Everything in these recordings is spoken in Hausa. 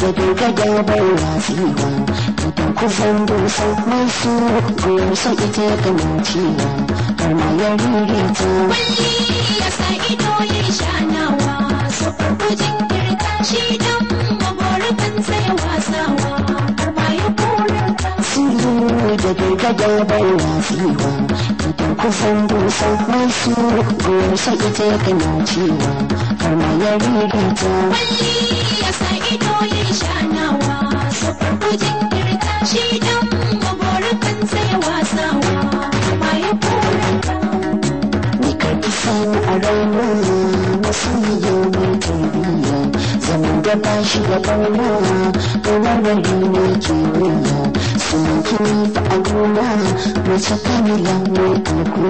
zabi da gabar wasiwa Mutan kusan dusan masu guyar su ita ga maciya Har ma ya riri ta Kwalli ya sa ido ya shanawa Sofar kujin girka shi dan mabarufin sai wasawa Har ma ya kura Sulu da bai ga gabar wasiwa Mutan kusan dusan masu guyar su ita ga maciya ya Kwalli ya sa ido ya shanawa, sofar shi dan maborin kansa ya wasawa, a wasu yau mai tarbiyya, zaman ba shi da ɓarna, ne ke wuya. Sun kini ta a mace kamila mai alkuna.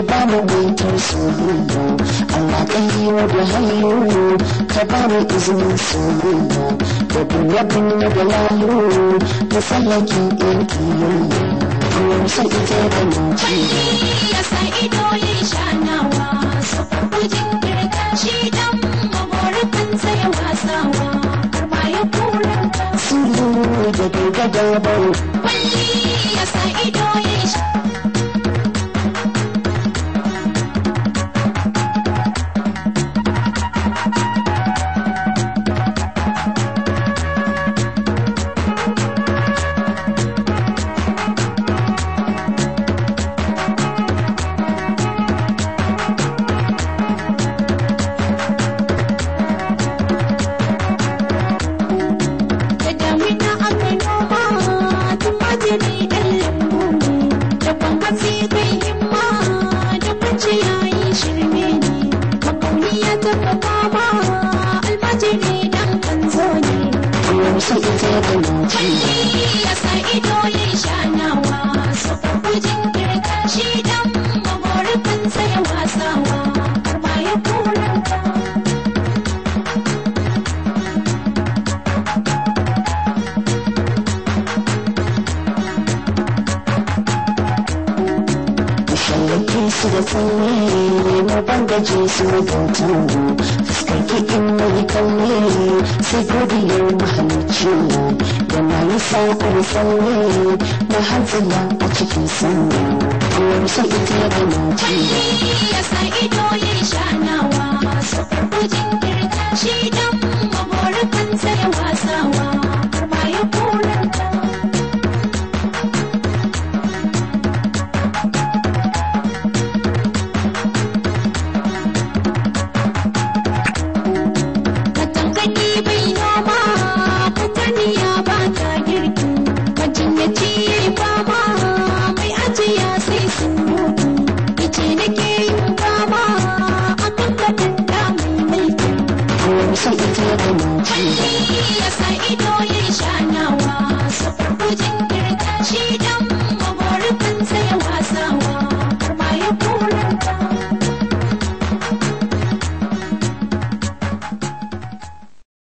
ka ba mu mai tausayi Allah ka yi da hannu ka ba mu izinin soyayya da durabin da lahiru da tsallakin ɗinki yayya Allah sa ita da mace ya sa ido ya shanawa su farko jirga shi dan maborukan sai wasawa karba ya kura ta su da gaba kwalli ya sa ido ya su ita da nufi. ya sa idolin shanawa su kwakwajin girka shi dan magorafin sai wasawa ba ya kuranta. Shallafin su da tsauri ne na bangaje su mutuntan saki in mai tsalle sai godiyar mahalicci da na yi saƙar tsalle na hanzila a cikin sanyi kowar su ita da naci ya sa idolin shanawa su jinkirta shi dan zumunci. Kwalli ya sa ido yin